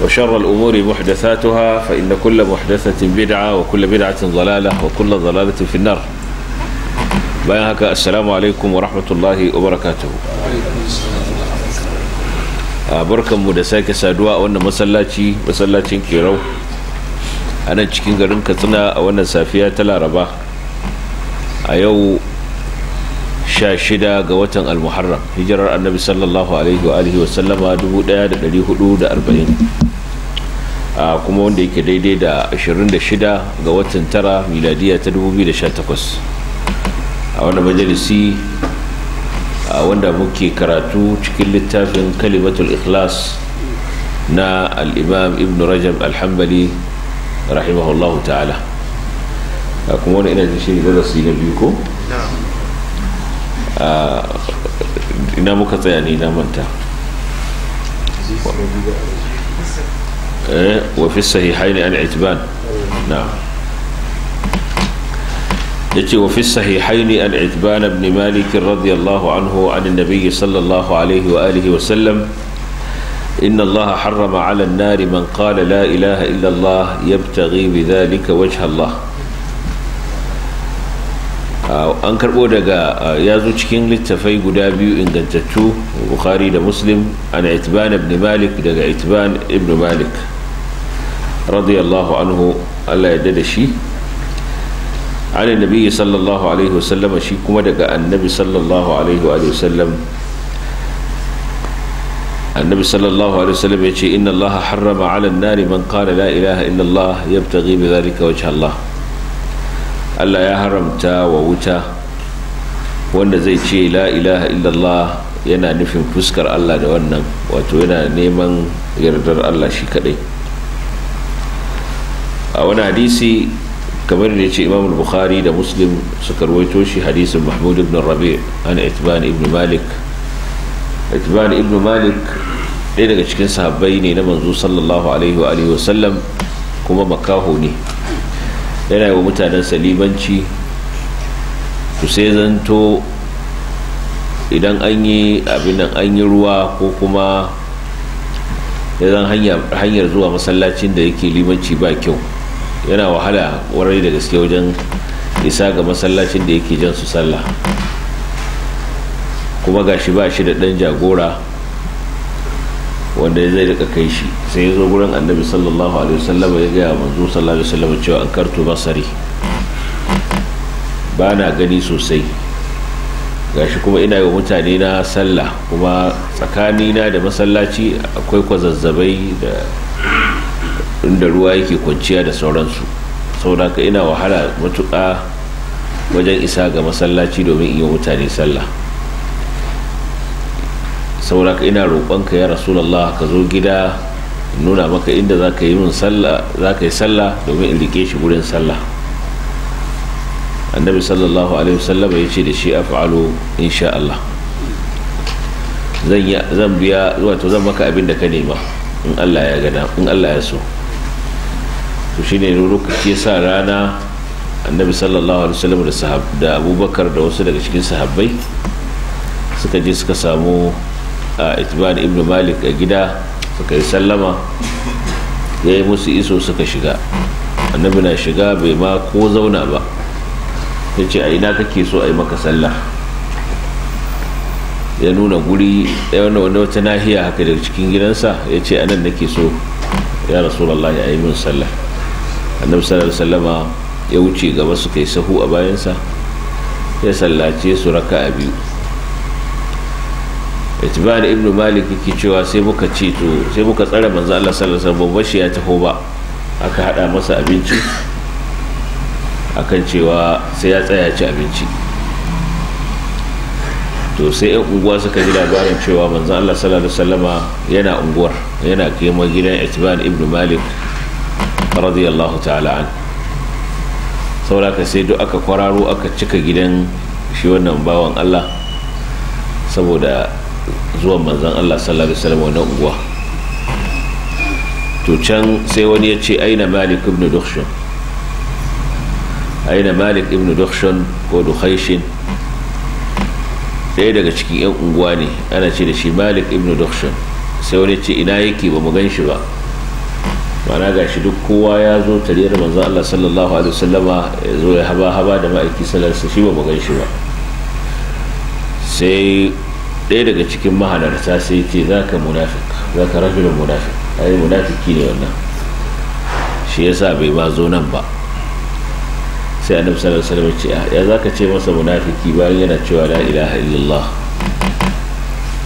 وشر الأمور محدثاتها فإن كل محدثة بدعة وكل بدعة ضلالة وكل ضلالة في النار بيان هكا السلام عليكم ورحمة الله وبركاته بركة مدساك سادواء وانا مسلاتي مسلاتي كيرو أنا cikin garin Katsina a wannan safiya ta Laraba a yau 16 ga watan al-muharram hijirar annabi sallallahu alaihi wa alihi wa sallama 1440 kuma wanda yake daidai da 26 ga watan tara miladiya ta 2018 a wanda majalisi wanda muke karatu cikin littafin kalimatul ikhlas na al'imam ibn rajab alhambali rahimahullahu ta'ala kuma wani ina shi ne darasi na biyu ko? ina muka tsaya ne na manta إيه؟ وفي الصحيحين العتبان نعم يتي وفي الصحيحين أن عتبان بن مالك رضي الله عنه عن النبي صلى الله عليه وآله وسلم إن الله حرم على النار من قال لا إله إلا الله يبتغي بذلك وجه الله أنكر karɓo daga ya zo cikin littafai guda biyu ingantattu bukhari da muslim بن itban ibn malik daga itban ibn malik radiyallahu anhu Allah ya da shi an nabi sallallahu alaihi wasallam shi kuma daga annabi sallallahu alaihi wa sallam annabi sallallahu alaihi wasallam ya ce inna allaha harrama ala nari man qala la ilaha illa allah yabtaghi bi dhalika wajha allah Allah ya haramta wa wuta wanda zai ce la ilaha illa allah yana nufin fuskar Allah da wannan wato yana neman yardar Allah shi kadai a wani hadisi kamar da ya ce imamul bukhari da muslim suka rawaito shi hadisin mahmud ibn rabi an itban ibn malik itban ibn malik ɗaya daga cikin sahabbai ne na manzo sallallahu alaihi wa kuma makaho ne yana yi wa mutanen salibanci to sai zanto idan an yi abin nan an yi ruwa ko kuma ya zan hanyar zuwa masallacin da yake limanci ba kyau yana wahala warai da gaske wajen isa ga masallacin da yake jan su sallah kuma gashi ba shi da ɗan jagora wanda zai rika kai shi sai ya zo gurin annabi sallallahu alaihi wasallam ya gaya manzo sallallahu alaihi wasallam cewa an karto basari ba na gani sosai gashi kuma ina yi wa mutane na sallah kuma tsakanina da masallaci akwai kwazazzabai da inda ruwa yake kwanciya da sauransu sauraka ina wahala matuƙa wajen isa ga masallaci domin iya mutane sallah sauraka ina roƙonka ya rasulallah ka zo gida nuna maka inda za ka yi sallah domin in rike shi wurin sallah annabi sallallahu alaihi wasallam ya ce da shi af'alu insha Allah zan biya wato zan maka abin da ka nema in Allah in Allah ya so to shine lokaci ya sa rana annabi sallallahu alaihi wasallam da sahab da abubakar da wasu daga cikin sahabbai suka je suka samu a itban ibn malik a gida suka yi sallama ya yi musu iso suka shiga annabi na shiga bai ma ko zauna ba ya ce a ina kake so a yi maka sallah ya nuna guri ya wani wani wata nahiya haka daga cikin gidansa ya ce a nan nake so ya rasu rasulallah a yi min sallah annabi sallallahu alaihi wasallama ya wuce gaba su kai sahu a bayansa ya sallace su raka a biyu itibar ibn malik yake cewa sai muka ce to sai muka tsara manzo Allah sallallahu alaihi wasallam bashi ya taho ba aka hada masa abinci akan cewa sai ya tsaya ci abinci to sai yan unguwa suka ji labarin cewa manzo Allah sallallahu alaihi wasallama yana unguwar yana kema gidan itibar ibn malik radiyallahu ta'ala an sauraka sai duk aka kwararo aka cika gidan shi wannan bawan Allah saboda zuwan manzan Allah sallallahu alaihi wasallam wannan unguwa to can sai wani ya ce aina malik ibn dukhshun aina malik ibn dukhshun ko dukhayshin Sai daga cikin 'yan unguwa ne ana ce da shi malik ibn dukhshun sai wani ce ina yake ba mu gan shi ba mana ga shi duk kowa ya zo tariyar manzan Allah sallallahu alaihi wasallama ya zo ya haba haba da ma'aiki sallarsa shi ba mu gan shi ba sai ɗaya daga cikin mahalarta sai ce za ka munafik za ka da munafik ai munafiki ne wannan shi yasa bai ma zo nan ba sai annabi sallallahu alaihi wasallam ce ah, ya za ka ce masa munafiki bayan yana cewa la ilaha illallah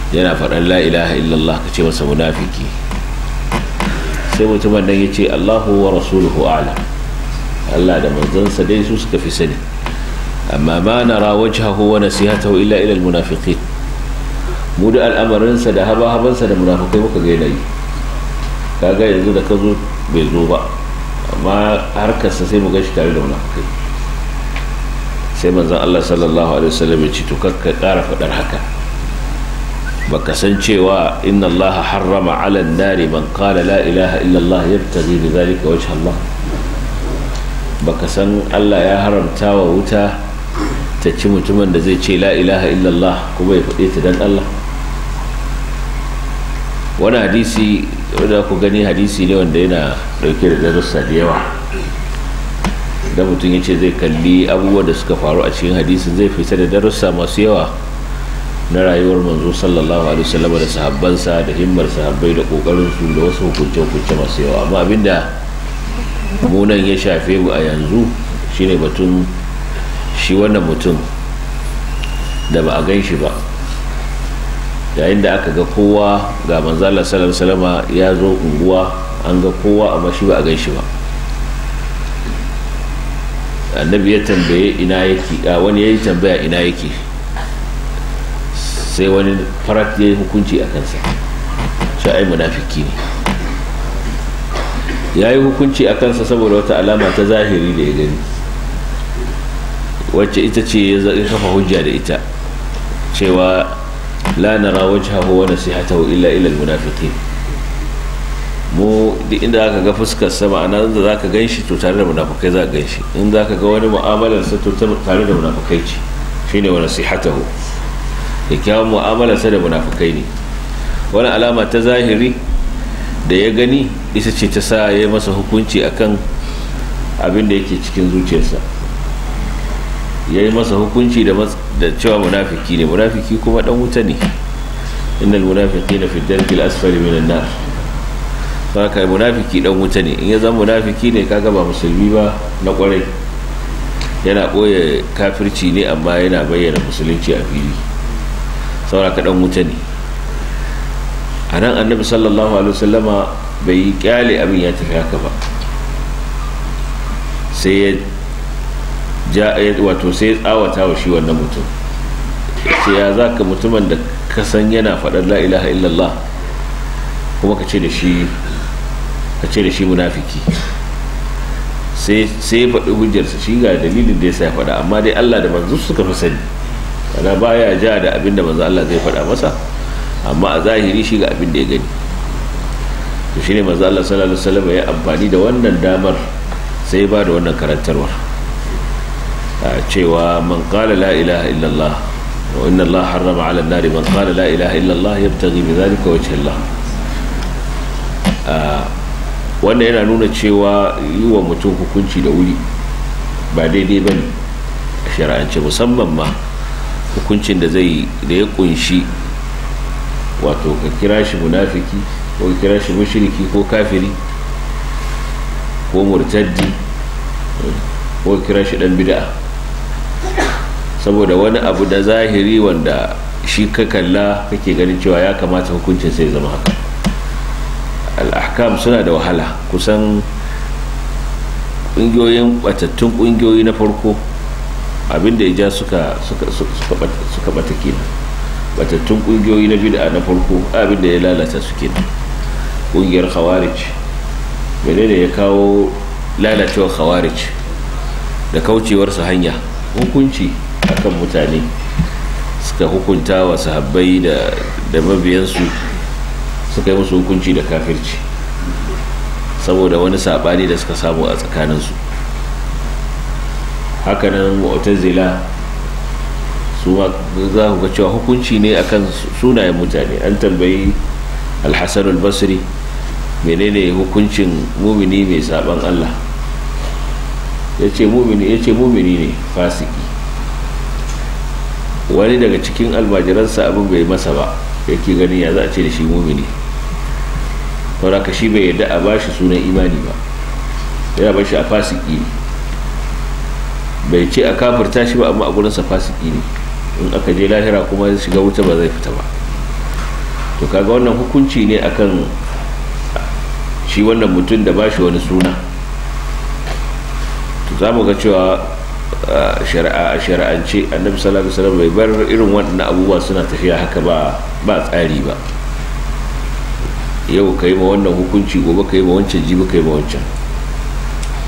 yana faɗan la ilaha illallah ka ce masa munafiki sai mutumin nan ya ce allahu wa rasuluhu ala allah da manzansa dai su suka fi sani amma ma nara wajhahu wa nasihatahu illa ila almunafiqin mu da al'amarinsa da haba habansa da munafikai muka ga yanayi kaga yanzu da ka zo bai zo ba amma harkarsa sai mu gashi tare da munafikai sai manzan allah sallallahu alaihi wasallam ya ce to kakka kara faɗar haka baka san cewa inna allaha harrama ala nari man qala la ilaha illa allah yabtaghi bi zalika wajha allah baka san allah ya haramta wa wuta ta ci mutumin da zai ce la ilaha illa allah kuma ya faɗe ta dan allah wani hadisi wanda ku gani hadisi ne wanda yana dauke da darussa da yawa da mutum ya ce zai kalli abubuwa da suka faru a cikin hadisin zai fita da darussa masu yawa na rayuwar manzo sallallahu alaihi wasallam da sahabbansa da himmar sahabbai da kokarin su da wasu hukunce hukunce masu yawa amma abinda munan ya shafe mu a yanzu shine batun shi wannan mutum da ba a gan shi ba yayin da aka ga kowa ga alaihi wasallam ya zo unguwa an ga kowa amma shi ba a gan shi ba annabi ya tambaye ina yake wani ya yi tambaya ina yake sai wani farat ya yi hukunci a kansa shi ai munafiki ne ya yi hukunci a kansa saboda wata alama ta zahiri da ya gani wacce ita ce ya kafa hujja da ita cewa la nara wajhahu sai hata illa ila munafiki mu duk inda aka ga fuskar sa za da gan ganshi to tare da munafukai za ka ganshi in ka ga wani mu'amalar sa to tare da munafukai ce shine wa nasihatahu kyakkyawan mu'amalarsa da munafukai ne wani alama ta zahiri da ya gani isa ce ta sa ya yi masa hukunci akan abin da yake cikin zuciyarsa ya yi masa hukunci da cewa munafiki ne munafiki kuma dan wuta ne inda munafiki na fitar fil asfali minan nar saka munafiki dan wuta ne in ya zama munafiki ne kaga ba musulmi ba na kwarai yana ɓoye kafirci ne amma yana bayyana musulunci a fili saura ka dan wuta ne a nan annabi sallallahu alaihi wasallama bai yi kyale abin ya tafi haka ba sai ya wato sai ya tsawata wa shi wannan mutum sai ya za ka mutumin da ka san yana faɗar la ilaha illallah kuma ka ce da shi ka ce da shi munafiki sai ya faɗi hujjarsa shi ga dalilin da ya sa ya faɗa amma dai allah da manzu suka fi sani ana baya ja da abin da manzo Allah zai faɗa masa amma a zahiri shi ga abin da ya gani to shine manzo Allah sallallahu alaihi wasallam ya amfani da wannan damar sai ba da wannan karantarwar a cewa man qala la ilaha illallah wa inna Allah harrama 'ala an-nari man qala la ilaha illallah yabtaghi bi dhalika wajha Allah wannan yana nuna cewa yi wa mutum hukunci da wuri ba daidai bane ne shari'ance musamman ma hukuncin da zai da ya kunshi wato ka kira shi munafiki ko ka kira shi mushriki ko kafiri ko murtaddi ko ka kira shi dan bid'a saboda wani abu da zahiri wanda shi ka kalla kake ganin cewa ya kamata hukuncin sai zama haka al'ahkam suna da wahala kusan ƙungiyoyin batattun ƙungiyoyi na farko abinda ya ja suka suka bata kina batattun kungiyoyi na bid'a na farko abinda ya lalata su kina kungiyar khawarij menene ya kawo lalacewar khawarij da kaucewar su hanya hukunci akan mutane suka hukunta wa sahabbai da da mabiyansu suka yi musu hukunci da kafirci saboda wani sabani da suka samu a tsakaninsu hakanan mu'tazila su za ku ga cewa hukunci ne akan sunayen mutane an tambayi alhassan albasri menene hukuncin mumini mai saban allah ya ce mumini ne fasiki wani daga cikin almajiransa abin bai masa ba yake gani ya za a ce da shi mumini saboda ka shi bai yadda a bashi sunan imani ba yana bashi a fasiki bai ce a kafirta shi ba amma a gurinsa fasiki ne in aka je lahira kuma ya shiga wuta ba zai fita ba to kaga wannan hukunci ne akan shi wannan mutum da ba shi wani suna to za mu ga cewa a shari'ance annabi sallallahu alaihi wasallam bai bar irin waɗannan abubuwa suna tafiya haka ba ba tsari ba yau ka yi ma wannan hukunci gobe ka yi ma wancan jibi ka yi ma wancan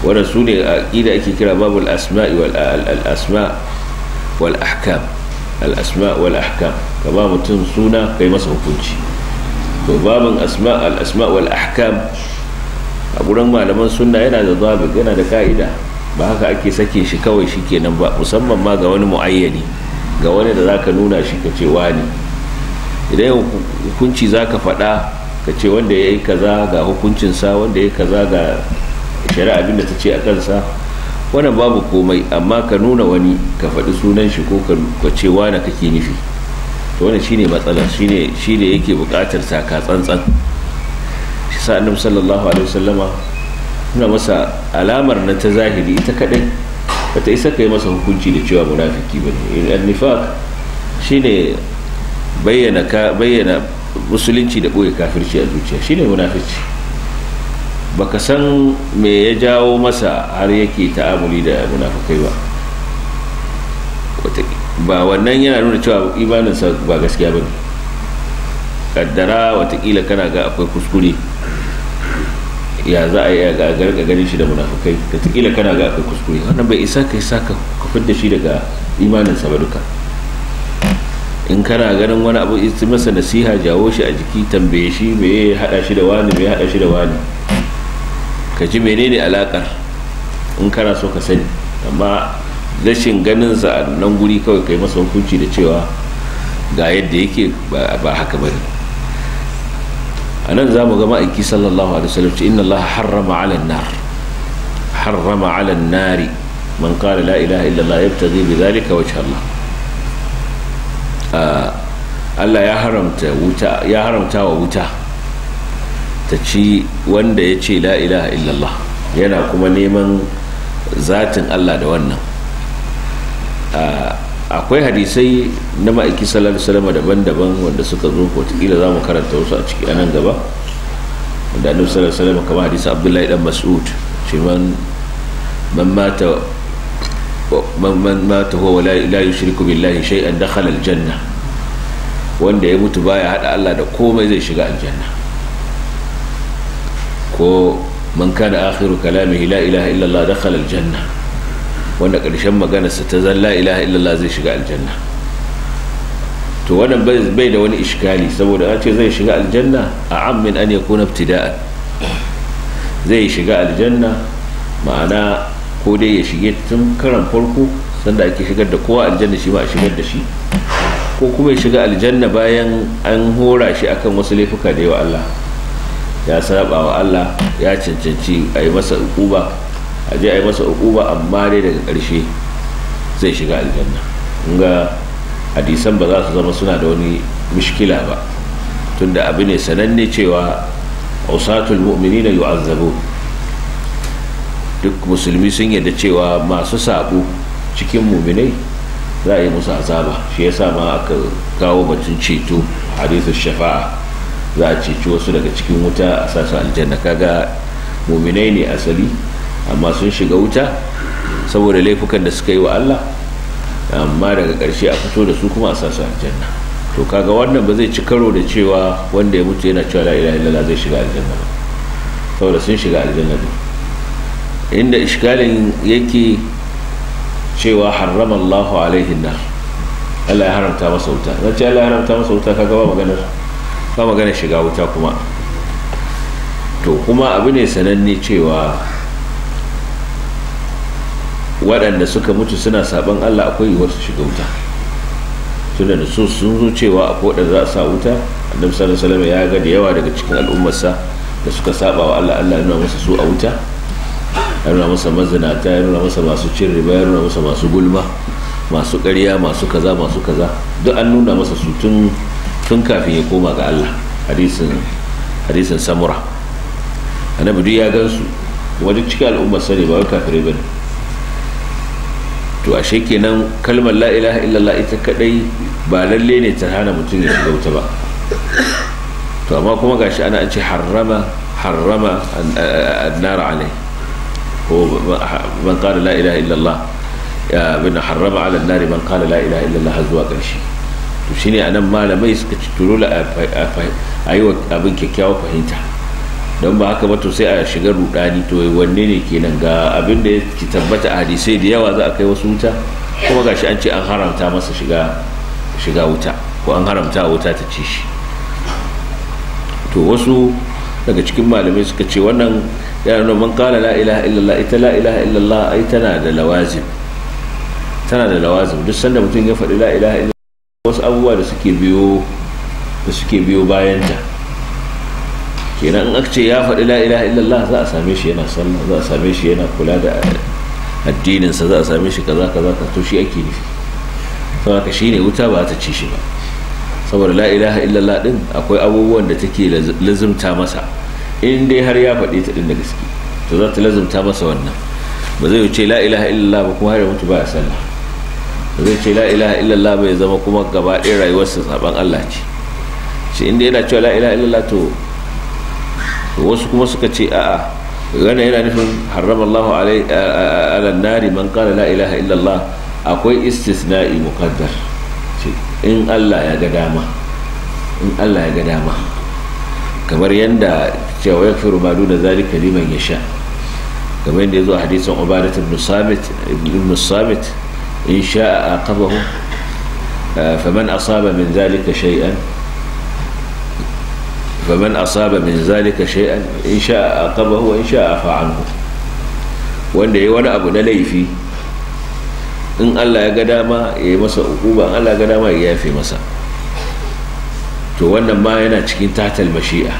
wannan su ne a ƙida ake kira babu al'asma'i wal'ahkam al'asma wal'ahkam ka ba mutum suna kai masa hukunci to babin asma al'asma wal'ahkam a gurin malaman suna yana da zabi yana da ka'ida ba haka ake sake shi kawai shi kenan ba musamman ma ga wani mu'ayyani ga wani da za ka nuna shi ka ce wani idan hukunci za ka faɗa ka ce wanda ya yi kaza ga hukuncinsa wanda ya yi kaza ga shari'a abinda ta ce a kansa wannan babu komai amma ka nuna wani ka faɗi sunan shi ko ka ce wane kake nufi to wannan shine matsala shine shine yake buƙatar saka tsantsan shi sa annabi sallallahu alaihi wasallama suna masa alamar na ta zahiri ita kadai bata isa kai masa hukunci da cewa munafiki bane an-nifaq shine bayyana ka bayyana musulunci da boye kafirci a zuciya shine munafici baka san me ya jawo masa har yake ta'amuli da munafukai ba ba wannan yana nuna cewa imaninsa ba gaskiya ba kaddara watakila kana ga akwai kuskure ya za a yi a garga ganin shi da munafukai watakila kana ga akwai kuskure wannan bai isa ka isa ka da shi daga imaninsa ba duka in kana ganin wani abu masa nasiha jawo shi a jiki tambaye shi me ya hada shi da wani me ya hada shi da wani ka ji menene alakar in kana so ka sani amma rashin ganin sa a nan guri kawai kai masa hukunci da cewa ga yadda yake ba haka bane a nan za mu ga ma'aiki sallallahu alaihi wasallam ce inna allah harrama ala nar harrama ala nari man qala la ilaha illa allah yabtaghi bi dhalika wajha allah ah, Allah ya haramta wa wuta ta ci wanda ya ce la ilaha illallah yana kuma neman zatin Allah da wannan akwai hadisai na ma'aiki sallallahu salama daban-daban wanda suka zo watakila za mu karanta wasu a ciki anan gaba wanda annabi sallallahu salama kamar hadisa abdullahi dan mas'ud ce man mata man mata huwa la yushriku billahi shay'an dakhala aljanna wanda ya mutu baya hada Allah da komai zai shiga aljanna ko man kana akhiru kalamihi la ilaha illallah dakhala aljanna wanda karshen maganarsa ta zan la ilaha illallah zai shiga aljanna to wannan bai da wani iskali saboda an ce zai shiga aljanna a ammin an yakuna ibtida'an zai shiga aljanna ma'ana ko dai ya shige tun karan farko sanda ake shigar da kowa aljanna shi ba a shigar da shi ko kuma ya shiga aljanna bayan an hora shi akan wasu laifuka da yawa Allah ya saba wa Allah ya cancanci a yi masa ukuba a je a yi masa ukuba amma dai daga ƙarshe zai shiga aljanna ga hadisan ba za su zama suna da wani mishkila ba tunda abu ne sananne cewa usatul na yu'azzabu duk musulmi sun yadda cewa masu sabo cikin muminai za a yi musu azaba shi yasa ma aka kawo batun ceto hadisul shafa'a za a ceci wasu daga cikin wuta a sasu aljanna kaga muminai ne asali amma sun shiga wuta saboda laifukan da suka yi wa Allah amma daga ƙarshe a fito da su kuma a sasu aljanna to kaga wannan ba zai ci karo da cewa wanda ya mutu yana cewa la ilaha illallah zai shiga aljanna ba saboda sun shiga aljanna ne inda iskalin yake cewa harrama Allahu alaihi nar Allah ya haramta masa wuta zai ce Allah ya haramta masa wuta kaga ba maganar ba magana shiga wuta kuma to kuma abu ne sananne cewa waɗanda suka mutu suna saban Allah akwai yiwuwar su shiga wuta tunda da su sun zo cewa a da za a sa wuta annabi sallallahu alaihi ya ga da yawa daga cikin al'ummarsa da suka saba wa Allah Allah yana masa su a wuta ya nuna masa mazinata ya nuna masa masu cin riba ya nuna masa masu gulma masu ƙarya masu kaza masu kaza duk an nuna masa su tun tun kafin ya koma ga Allah hadisin hadisin samura annabi duk ya gansu wajen cikin al'ummar sani ba wai kafirai bane to ashe kenan kalmar la ilaha illallah ita kadai ba lalle ne ta hana mutum ya shiga wuta ba to amma kuma gashi ana an ce harrama harrama annar alai ko ban kada la ilaha illallah ya bin harrama ala an ban kada la ilaha illallah zuwa karshe to shine anan malamai suka ci turo a yi wa abin kyakkyawa fahimta don ba haka ba to sai a shiga rudani to wanne ne kenan ga abin da ki tabbata a hadisai da yawa za a kai wasu wuta kuma gashi an ce an haramta masa shiga shiga wuta ko an haramta wuta ta ci shi to wasu daga cikin malamai suka ce wannan ya nuna man kala la ilaha illallah ita la ilaha illallah ai tana da lawazim tana da lawazim duk sanda mutum ya faɗi la ilaha illallah wasu abubuwa da suke biyo da suke biyo bayan ta kenan in aka ce ya faɗi la ilaha illallah za a same shi yana sallah za a same shi yana kula da addininsa za a same shi kaza kaza ka to shi ake nufi haka shi ne wuta ba ta ci shi ba saboda la ilaha illallah din akwai abubuwan da take lazumta masa in dai har ya faɗi ta din da gaske to za ta lazumta masa wannan ba zai wuce la ilaha illallah ba kuma har ya mutu ba ya sallah zai ce la ilaha illallah bai zama kuma gaba ɗaya rayuwarsa zaben Allah ce shi inda yana cewa la ilaha illallah to wasu kuma suka ce a'a gane yana nufin harrama Allahu ala nari man qala la ilaha illallah akwai istisna'i muqaddar in Allah ya ga dama in Allah ya ga dama kamar yadda cewa ya fi rumadu da zalika liman ya sha kamar yadda ya zo a hadisin ubadat ibn samit إن شاء عاقبه آه، فمن أصاب من ذلك شيئا فمن أصاب من ذلك شيئا إن شاء عاقبه وإن شاء عفى عنه وإن دي وانا أبو نلي فيه إن الله قدام يمسى أقوبة إن الله قدام يافي مسا توانا ما ينا تشكين تحت المشيئة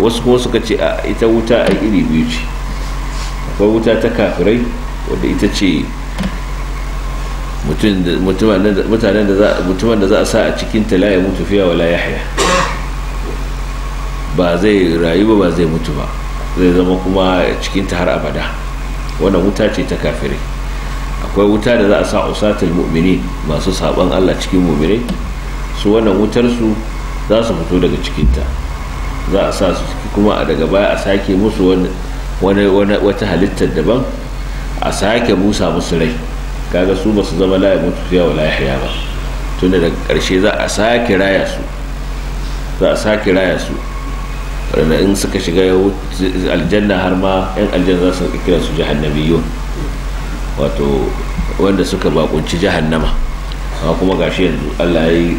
وسكو وسكا تي آه، إتا وتا إلي بيوتي فوتا تكافري وإتا تشي mutumin da za a sa a cikin ta la ya mutu fiya ba zai rayu ba ba zai mutu ba zai zama kuma cikin ta har abada wannan wuta ce ta kafirai akwai wuta da za a sa usatul mu'mini masu saban Allah cikin mu'mini su wannan wutar su za su fito daga cikinta za a sa su kuma daga baya a sake musu wata halittar daban a sake busa musu rai kaga su ba su zama la mutu fiya wala yahya ba tun da daga karshe za a sake raya su za a sake raya su wadanda in suka shiga aljanna har ma yan aljanna za su kira su yiwu wato wanda suka bakunci jahannama amma kuma gashi yanzu Allah ya yi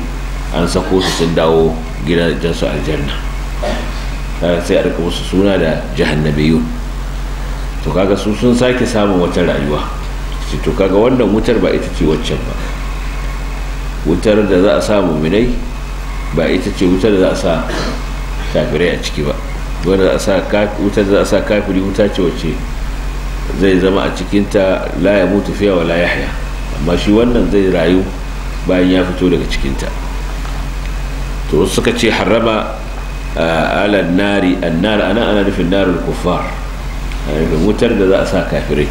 an sako su sun dawo gidajensu aljanna sai a rika musu suna da yiwu to kaga su sun sake samun wata rayuwa ce to kaga wannan wutar ba ita ce waccan ba wutar da za a sa muminai ba ita ce wutar da za a sa kafirai a ciki ba wanda za a sa wutar da za a sa kafiri wuta ce wacce zai zama a cikinta la ya mutu fiya wa la haya amma shi wannan zai rayu bayan ya fito daga cikinta to suka ce harama alan nari annar ana ana nufin narin kuffar nufin wutar da za a sa kafirai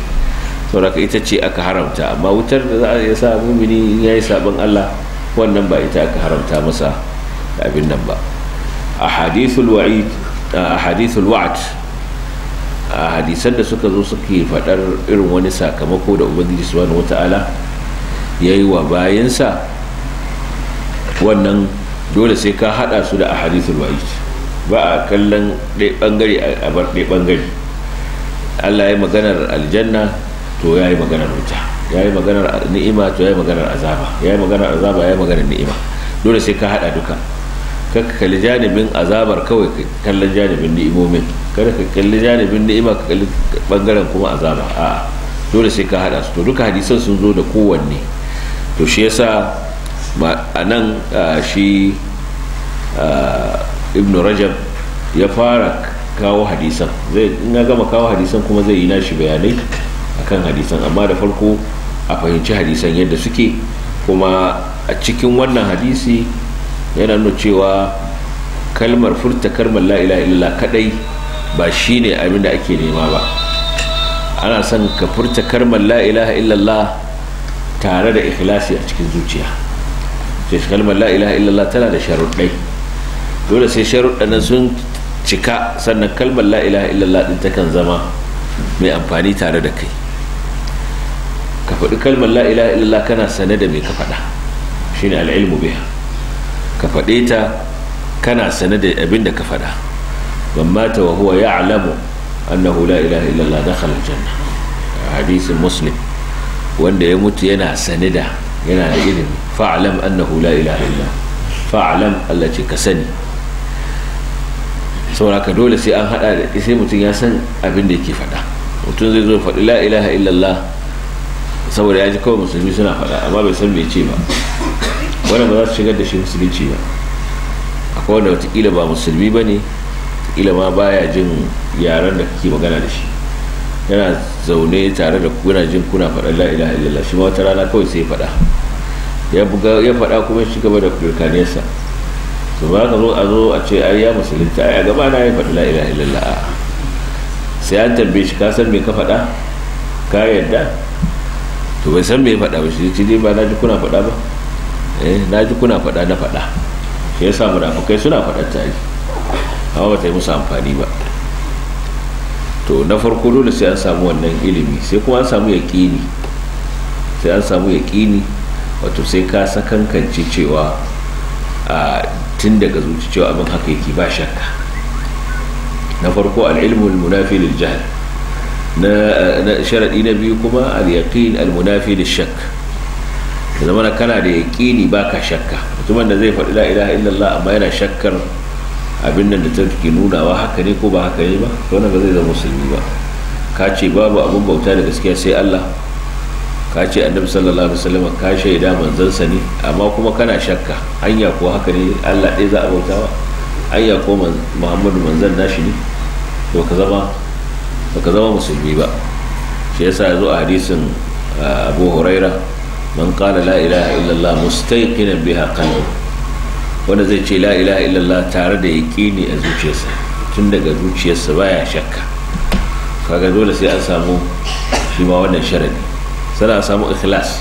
sauraka ita ce aka haramta amma wutar da za a iya sa mumini in yi sabon Allah wannan ba ita aka haramta masa abin nan ba a hadithul wa'id a hadisan da suka zo suke fadar irin wani sakamako da ubangiji subhanahu wata'ala yi wa bayansa wannan dole sai ka hada su da ahadithul wa'id ba a kallon ɗaya bangare a bar ɗaya bangare Allah ya yi maganar aljanna to ya yi maganar wuta ya yi maganar ni'ima to ya yi maganar azaba ya yi maganar azaba ya yi maganar ni'ima dole sai ka hada duka ka kalli janibin azabar kawai ka kallon janibin ni'imomin kada ka kalli janibin ni'ima ka kalli bangaren kuma azaba a dole sai ka hada su to duka hadisan sun zo da kowanne to shi yasa a nan shi ibn rajab ya fara kawo hadisan zai in gama kawo hadisan kuma zai yi nashi bayanai akan hadisan amma da farko a fahimci hadisan yadda suke kuma a cikin wannan hadisi yana nuna cewa kalmar furta kalmar la illa kadai ba shine abin da ake nema ba ana son ka furta kalmar la illa tare da ikhlasi a cikin zuciya sai kalmar la illa tana da sharuɗai dole sai sharuɗan sun cika sannan kalmar la illa illallah din ta kan zama mai amfani tare da kai ka faɗi kalmar la ilaha illallah kana sane da me ka faɗa shine al'ilmu biha ka faɗe ta kana sane da abin da ka faɗa ban mata wa huwa ya'lamu annahu la ilaha illallah dakhala aljanna hadisin muslim wanda ya mutu yana sane da yana da ilimi fa'lam annahu la ilaha illallah fa'lam Allah ce ka sani saboda ka dole sai an hada da sai mutum ya san abin da yake faɗa mutum zai zo faɗi la ilaha illallah saboda ya ji kawai musulmi suna faɗa amma bai san mai ce ba wani ba za su shigar da shi musulunci ba akwai wanda watakila ba musulmi ba ne ila ma baya jin yaren da kake magana da shi yana zaune tare da kuna jin kuna faɗa la ilaha illallah shi ma wata rana kawai sai faɗa ya buga ya faɗa kuma shi gaba da firkaniyarsa to ba ka zo a zo a ce ai ya musulunta ai a gaba na ya faɗi la ilaha illallah sai an tambaye shi ka san me ka faɗa ka yarda to bai san me ya faɗa ba shi ce dai ba na ji kuna faɗa ba eh na ji kuna faɗa na faɗa shi ya sa munafukai suna faɗa ta yi amma ba ta yi musu amfani ba to na farko dole sai an samu wannan ilimi sai kuma an samu yaƙini sai an samu yaƙini wato sai ka sakankance cewa a tun daga zuci cewa abin haka yake ba shakka na farko al'ilmul munafi lil jahl na sharadi na biyu kuma al-yaqin al-munafi lish-shakk zama na kana da yaqini baka shakka mutumin da zai faɗi la ilaha illallah amma yana shakkar abin nan da take nunawa haka ne ko ba haka ne ba to wannan ba zai zama musulmi ba ka ce babu abun bauta da gaskiya sai Allah ka ce annabi sallallahu alaihi wasallam ka shaida manzansa ne amma kuma kana shakka hanya ko haka ne Allah ɗaya za a bautawa hanya ko muhammadu manzan nashi ne to ka zama baka zama musulmi ba shi yasa ya zo a hadisin ah, abu huraira man kala la ilaha illallah mustaiqinan biha qalbi wanda zai ce la ilaha illallah tare da yaqini a zuciyarsa tun daga zuciyarsa baya shakka kaga dole sai an samu shi ma wannan sharadi sai an samu ikhlas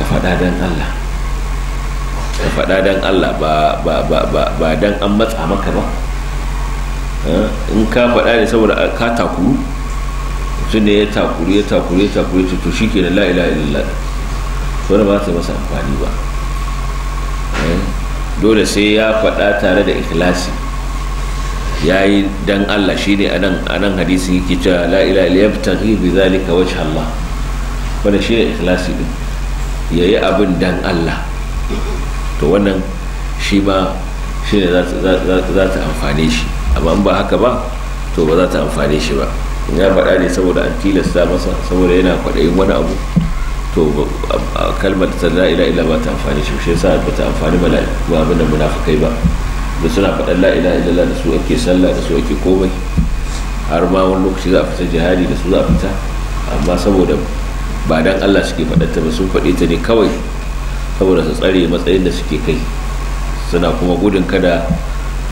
ka faɗa dan Allah ka dan Allah ba ba ba ba dan an matsa maka ba in ka faɗa ne saboda ka takuru su ne ya takuru ya takuru ya takuru ya to shi ke da la'ila illallah wanda ba ta masa amfani ba eh? dole sai ya faɗa tare da ikhlasi ya yi dan Allah shi ne a nan hadisi yake cewa la'ila ilabtaghi bi zalika wajh Allah wanda shi ne ikhlasi ɗin ya yi abin dan Allah to wannan shi ma shi ne za ta amfane shi amma in ba haka ba to ba za ta amfani shi ba ya faɗa ne saboda an tilasta masa saboda yana kwaɗayin wani abu to kalmar ta la ila ila ba ta amfani shi shi yasa ba ta amfani ba abin da munafikai ba da suna faɗan la ila ila da su ake sallah da su ake komai har ma wani lokaci za a fita jihadi da su za a fita amma saboda ba dan Allah suke faɗar ta ba sun faɗe ta ne kawai saboda su tsare matsayin da suke kai suna kuma gudun kada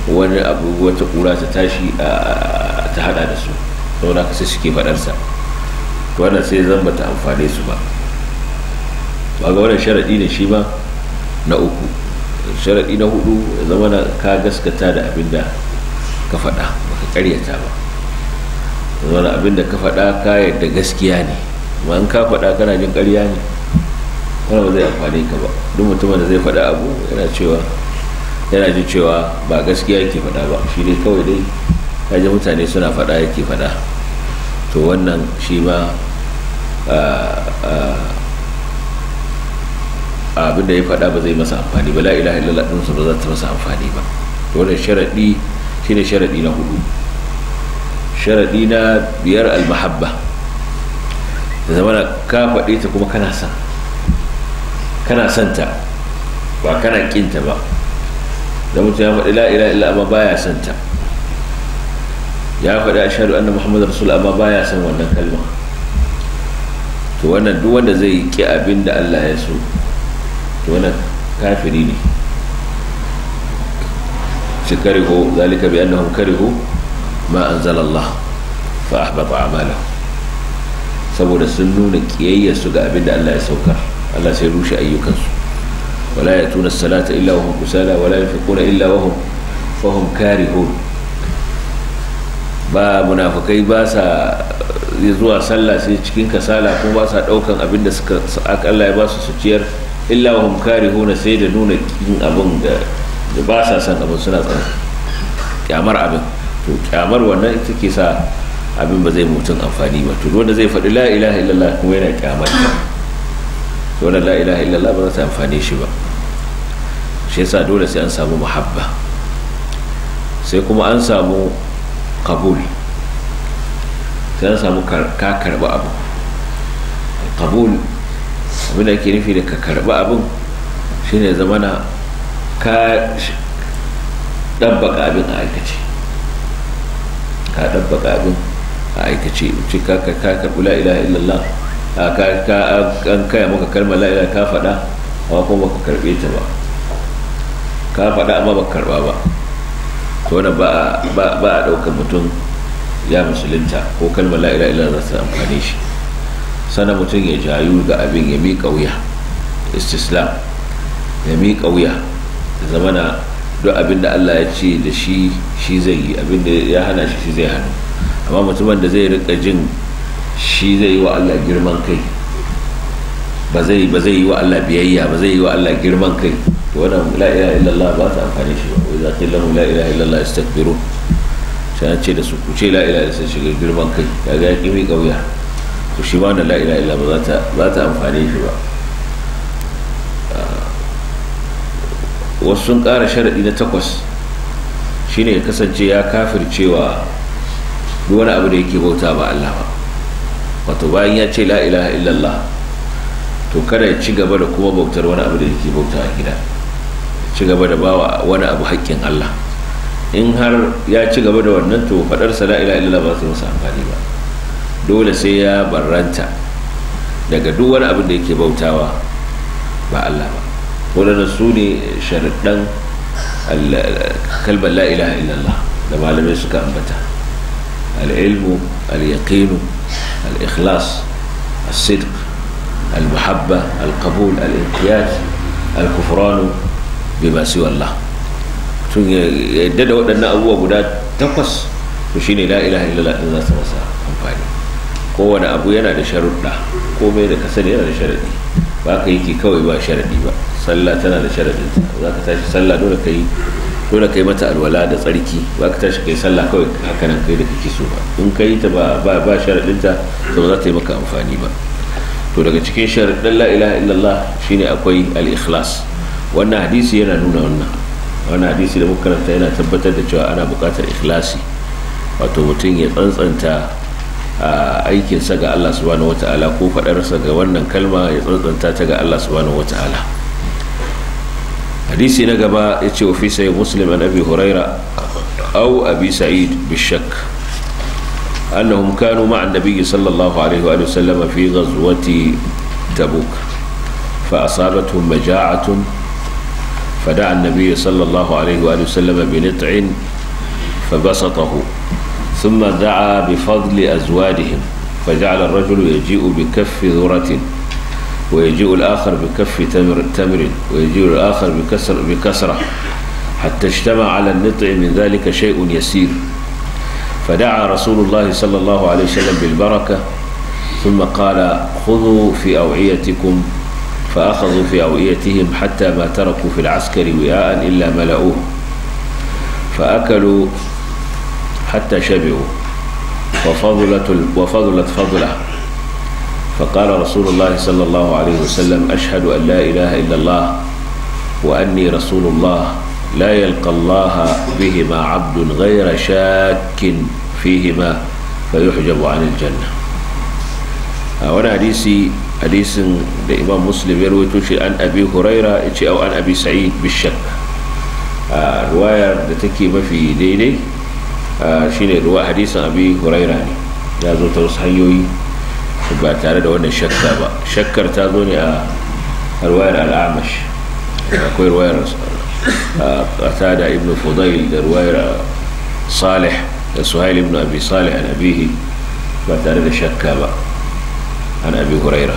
wani abu wata kura ta tashi ta hada da su saboda haka sai suke faɗarsa wannan sai zan bata amfane su ba ba ga wannan sharaɗi ne shi ba na uku sharaɗi na hudu zama na ka gaskata da abin da ka faɗa baka ƙaryata ba zama na abin da ka faɗa ka yadda gaskiya ne amma in ka faɗa kana jin ƙarya ne wannan ba zai amfane ka ba duk mutumin da zai faɗa abu yana cewa yana ji cewa ba gaskiya yake faɗa ba shi ne kawai dai kaji mutane suna faɗa yake faɗa to wannan shi ma abin da ya faɗa ba zai masa amfani ba la'ila illallah ɗinsa ba za ta masa amfani ba to wannan sharaɗi shi ne sharaɗi na hudu sharaɗi na biyar almahabba da zama ka faɗe ta kuma kana son son ta ba kana kinta ba da mutum ya faɗi la ilaha illa amma baya son ta ya faɗi a ashhadu anna muhammadar rasul amma baya son wannan kalma to wannan duk wanda zai ki abin da Allah ya so to wannan kafiri ne shi karihu zalika bi annahum karihu ma anzala Allah fa ahbata a'malahum saboda sun nuna kiyayya su ga abin da Allah ya saukar Allah sai rushe ayyukansu ولا يأتون الصلاة إلا وهم كسالى ولا ينفقون إلا وهم فهم كارهون ba munafukai ba sa zuwa sallah sai cikin kasala ko ba sa daukan abin da suka akalla ya ba su ciyar illa wa hum karihuna sai da nuna kin abin da ba sa son abin suna tsaron kyamar abin to kyamar wannan ita ke sa abin ba zai mutum amfani ba to wanda zai faɗi la ilaha illallah kuma yana kyamar ta wannan la ilaha illallah ba za ta amfane shi ba shi yasa dole sai an samu muhabba sai kuma an samu kabul sai an samu ka karba abu kabul abin da ke nufi da ka karba abin shine zamana ka ɗabbaka abin a aikace ka ɗabbaka abin a aikace ce ka ka la'ila illallah ka an kaya maka kalmar la'ila ka faɗa amma kuma ka karbe ta ba ka faɗa amma ban karɓa ba to wannan ba a ɗaukar mutum ya musulunta ko kalmar la'ira ila ila su amfani shi sannan mutum ya jayu ga abin ya miƙa wuya istislam ya miƙa wuya da zamana duk abin da Allah ya ce da shi shi zai yi abin da ya hana shi shi zai hannu amma mutumin da zai rika jin shi zai yi wa Allah girman kai ba zai yi wa Allah biyayya ba zai yi wa Allah girman kai wannan la ilaha illallah ba ta amfani shi ba wai za ta lahu la ilaha illallah istakbiru sai ce da su ku ce la ilaha illallah shiga girman kai kaga ya kimi kauya to shi ma wannan la ilaha illallah ba ta ba ta amfani shi ba ah, wasu sun kara sharaɗi na takwas shine ya kasance ya kafircewa duk wani abu da yake bauta ba Allah ba wato bayan ya ce la ilaha illallah to kada ya ci gaba da kuma bautar wani abu da yake bauta a gida ci gaba da bawa wani abu haƙƙin Allah in har ya ci gaba da wannan to faɗar sala ila illa ba su masa amfani ba dole sai ya barranta daga duk wani abin da yake bautawa ba Allah ba waɗanda su ne sharaɗan kalbar la ilaha illallah da malamai suka ambata al'ilmu al'yaƙinu al'ikhlas al-sidq al-muhabba al-qabul al-inqiyat al-kufranu bai ba su wallah sun yadda da waɗannan abubuwa guda takwas to shi ne la'ilaha illallah ɗin za su masa amfani kowane abu yana da sharuɗa komai da kasar yana da sharaɗi ba ka yi kawai ba sharaɗi ba sallah tana da sharaɗin za ka tashi sallah dole ka yi dole ka yi mata alwala da tsarki ba ka tashi kai sallah kawai haka nan kai da kake so ba in ka yi ta ba ba sharaɗin ta to za ta yi maka amfani ba to daga cikin sharaɗin la ilaha illallah shine akwai al-ikhlas wannan hadisi yana nuna wannan wannan hadisi da muka karanta yana tabbatar da cewa ana bukatar ikhlasi wato mutum ya tsantsanta aikinsa ga Allah subhanahu ta'ala ko faɗarsa ga wannan kalma ya tsantsanta ta ga Allah subhanahu ta'ala hadisi na gaba ya ce wa fi sai muslim an abi huraira au abi sa'id bishak annahum kanu ma'an nabiyyi sallallahu alaihi wa sallam fi ghazwati tabuk fa asabatهم مجاعة فدعا النبي صلى الله عليه وآله وسلم بنطع فبسطه ثم دعا بفضل أزوادهم فجعل الرجل يجيء بكف ذرة ويجيء الآخر بكف تمر, تمر ويجيء الآخر بكسر بكسرة حتى اجتمع على النطع من ذلك شيء يسير فدعا رسول الله صلى الله عليه وسلم بالبركة ثم قال خذوا في أوعيتكم فأخذوا في أوئيتهم حتى ما تركوا في العسكر وعاء إلا ملؤوه فأكلوا حتى شبعوا وفضلت, وفضلت فضله فقال رسول الله صلى الله عليه وسلم أشهد أن لا إله إلا الله وأني رسول الله لا يلقى الله بهما عبد غير شاك فيهما فيحجب عن الجنة آه، وانا حديثي hadisin da imam muslim ya rawaito shi an abi huraira ya ce an abi sa'id Bishan a ruwayar da take mafi daidai shine ruwa hadisin abi huraira ne ya zo ta wasu hanyoyi ba tare da wannan shakka ba shakkar ta zo ne a ruwayar al'amash akwai ruwayar qatada ibn fudayl da ruwayar salih da suhail ibn abi salih an abihi ba tare da shakka ba an أبي Huraira.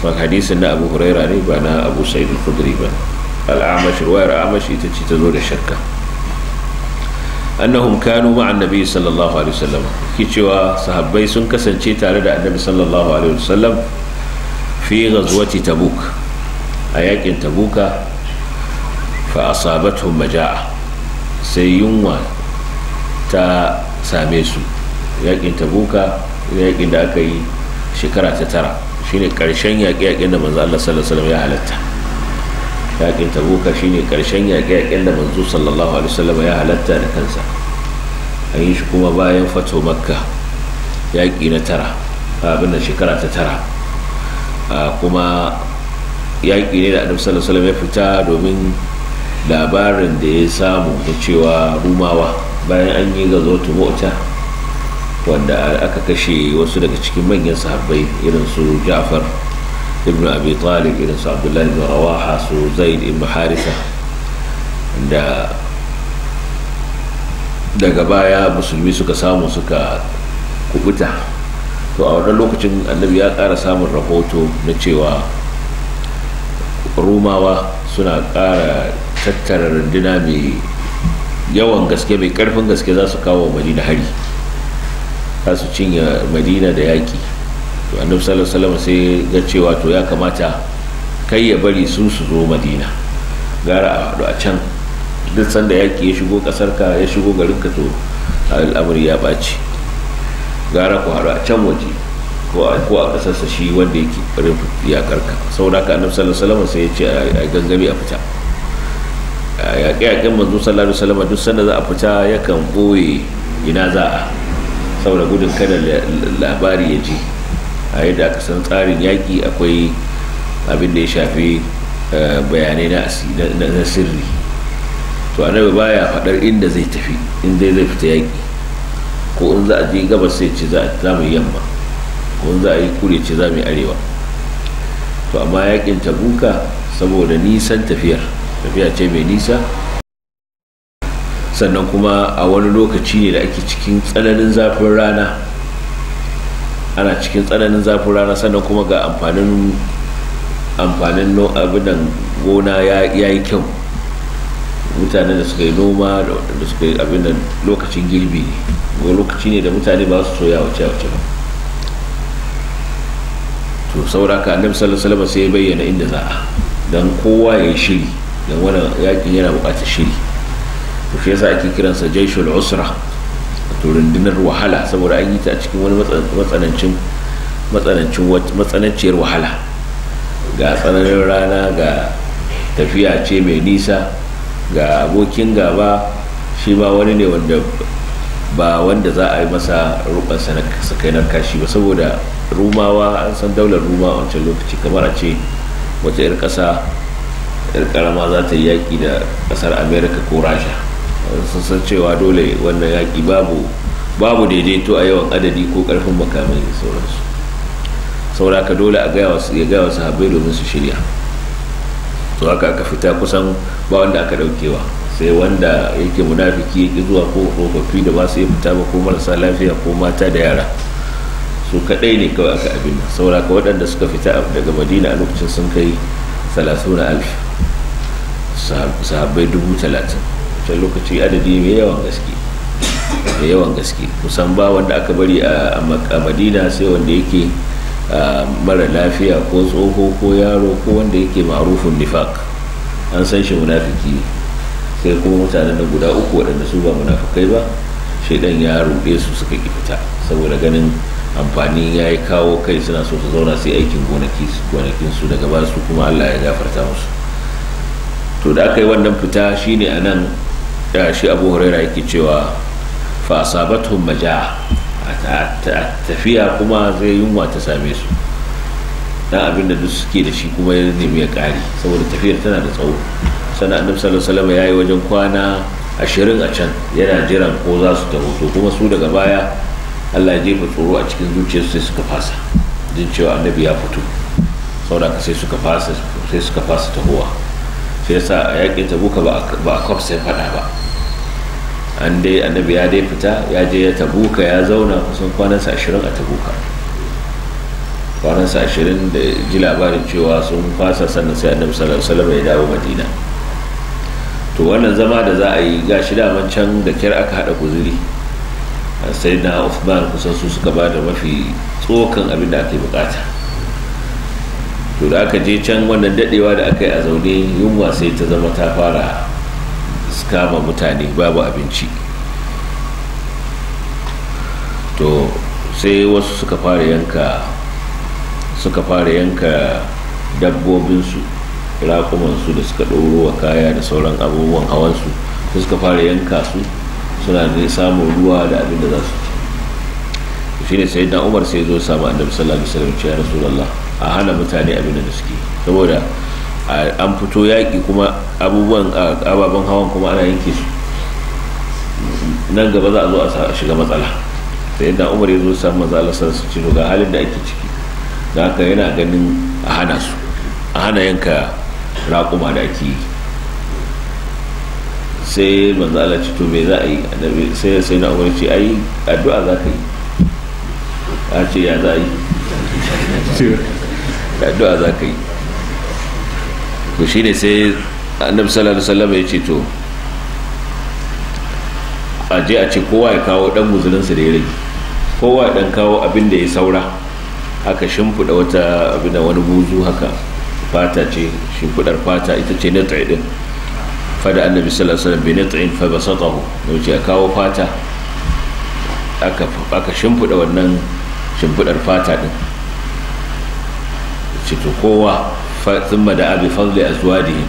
ba hadisin na abu huraira ne ba na abu sa'id kudri ba al'amash ruwayar amashi ita ce ta zo da shakka annahum kanu ma'an nabi sallallahu alaihi wasallam ki cewa sahabbai sun kasance tare da annabi sallallahu alaihi wasallam fi ghazwati tabuk a yakin tabuka fa asabatuhum majaa sai yunwa ta same su yakin tabuka yakin da aka yi shekara ta tara shine karshen yaƙe-yaƙen da manzo Allah sallallahu alaihi wasallam ya halatta yaƙin tabuka shine karshen yaƙe-yaƙen da manzo sallallahu alaihi wasallam ya halatta da kansa an yi shi kuma bayan fato makka yaƙi na tara abin da shekara ta tara kuma yaƙi ne da annabi sallallahu alaihi wasallam ya fita domin labarin da ya samu da cewa rumawa bayan an yi gazo mota. wanda aka kashe wasu daga cikin manyan sahabbai irin su ja'far ibn abi talib irin su abdullah ibn rawaha su zaid ibn harisa da daga baya musulmi suka samu suka kubuta to a wannan lokacin annabi ya ƙara samun rahoto na cewa rumawa suna ƙara tattara dina mai yawan gaske mai ƙarfin gaske za su kawo madina hari za su cinye madina da yaƙi to annabi sallallahu alaihi wasallam sai ga cewa to ya kamata kai ya bari su su zo madina gara a hadu a can duk sanda yaƙi ya shigo ƙasar ka ya shigo garin ka to al'amari ya ɓaci gara ku haɗu a can waje ko a sa shi wanda yake ƙarin yaƙar ka saboda haka annabi sallallahu alaihi wasallam sai ya ce a gangami a fita yaƙe-yaƙen manzo sallallahu alaihi wasallam duk sanda za a fita yakan ɓoye ina za a saboda gudun kada labari ya ji a yadda aka san tsarin yaƙi akwai abin da ya shafi eh, bayanai na sirri to annabi baya faɗar inda zai tafi in zai fita yaƙi ko in za a je gabas sai ce za mu yamma ko in za a yi kure ce za mu yi arewa to amma yaƙin tabuka saboda nisan tafiyar tafiya ce mai nisa sannan kuma a wani lokaci ne da ake cikin tsananin zafin rana ana cikin tsananin zafin rana sannan kuma ga amfanin amfanin abinan gona ya yi kyau mutane da suka yi noma da suka yi abinan lokacin girbi ne lokaci ne da mutane ba su soya wace wace ba to ka annabi sallallahu alaihi wasallam sai ya bayyana inda za a dan kowa ya yi shiri dan wannan yakin yana bukatar shiri to shi yasa ake kiransa jaishul usra to rundunar wahala saboda an yi ta cikin wani matsanancin matsananciyar wahala ga tsananin rana ga tafiya ce mai nisa ga abokin gaba shi ba wani ne wanda ba wanda za a yi masa rubansa na sakainar kashi ba saboda rumawa an san daular ruma a wancan lokaci kamar a ce wata 'yar ƙasa 'yar ƙarama za ta yi yaƙi da ƙasar america ko rasha sun cewa dole wannan yaƙi babu daidaito a yawan adadi ko ƙarfin makamai da sauransu sauraka dole a gaya wasu ya gaya wasu habai domin su shirya su haka aka fita kusan ba wanda aka ɗaukewa sai wanda yake munafiki yake zuwa ko tsofaffi da ba su yi fita ba ko marasa lafiya ko mata da yara su kaɗai ne kawai aka abin sauraka waɗanda suka fita daga madina a lokacin sun kai na alf sahabbai dubu talatin ta lokaci adadi mai yawan gaske da yawan gaske kusan ba wanda aka bari a madina sai wanda yake mara lafiya ko tsoho ko yaro ko wanda yake marufin nifak an san shi munafiki sai kuma mutane na guda uku waɗanda su ba munafikai ba shaidan ya ruɗe su suka ki fita saboda ganin amfani ya yi kawo kai suna so su zauna sai aikin gonakin su daga ba su kuma allah ya gafarta musu to da aka yi wannan fita shine a nan da shi abu huraira yake cewa fa asabatuhum majaa a tafiya kuma zai yunwa ta same su dan abin da duk suke da shi kuma ya nemi ya kari saboda tafiyar tana da tsawo sana annabi sallallahu alaihi ya yi wajen kwana ashirin a can yana jiran ko za su taho to kuma su daga baya Allah ya jefa tsoro a cikin zuciyarsu sai suka fasa jin cewa annabi ya fito saboda sai suka fasa sai suka fasa tahowa sai yasa yakin tabuka ba a kwafsa fada ba an dai annabi ya dai fita ya je ya tabuka ya zauna kusan kwanan sa ashirin a tabuka sa ashirin da ji labarin cewa sun fasa sannan sai annabi sallallahu alaihi ya dawo madina to wannan zama da za a yi ga shi daman can da kyar aka haɗa guzuri sai na Uthman kusan su suka ba da mafi tsokan abin da ake bukata to da aka je can wannan dadewa da aka yi a zaune yunwa sai ta zama ta fara kama mutane babu abinci to sai wasu suka fara yanka suka fara yanka dabbobinsu raƙumansu da suka ɗorowa kaya da sauran abubuwan hawansu su suka fara yanka su suna ne samun ruwa da abin da za su ci shi ne sai dan umar sai zo samu annabi sallallahu alaihi wasallam ya rasulullah a hana mutane abin da suke saboda an fito yaƙi kuma abubuwan ababen hawan kuma ana yanke su nan gaba za a zo a shiga matsala sai yadda umar ya zo samu matsala sa su ciro ga halin da ake ciki da haka yana ganin a hana su a hana yanka raƙuma da ake yi sai manzala ci to me za a yi sai sai na umar ce ai addu'a za ka yi a ce ya za a yi addu'a za ka yi to shine sai annabi sallallahu alaihi wasallam ya ce to a je a ce kowa ya kawo dan sa da ya rage kowa ya dan kawo abin da ya saura aka shimfiɗa wata abin da wani buzu haka fata ce shimfiɗar fata ita ce na din fada annabi sallallahu alaihi wasallam bi nat'in fa basatahu ya ce kawo fata aka aka shimfiɗa wannan shimfiɗar fata din ce to kowa sun ma da abi da azwadihim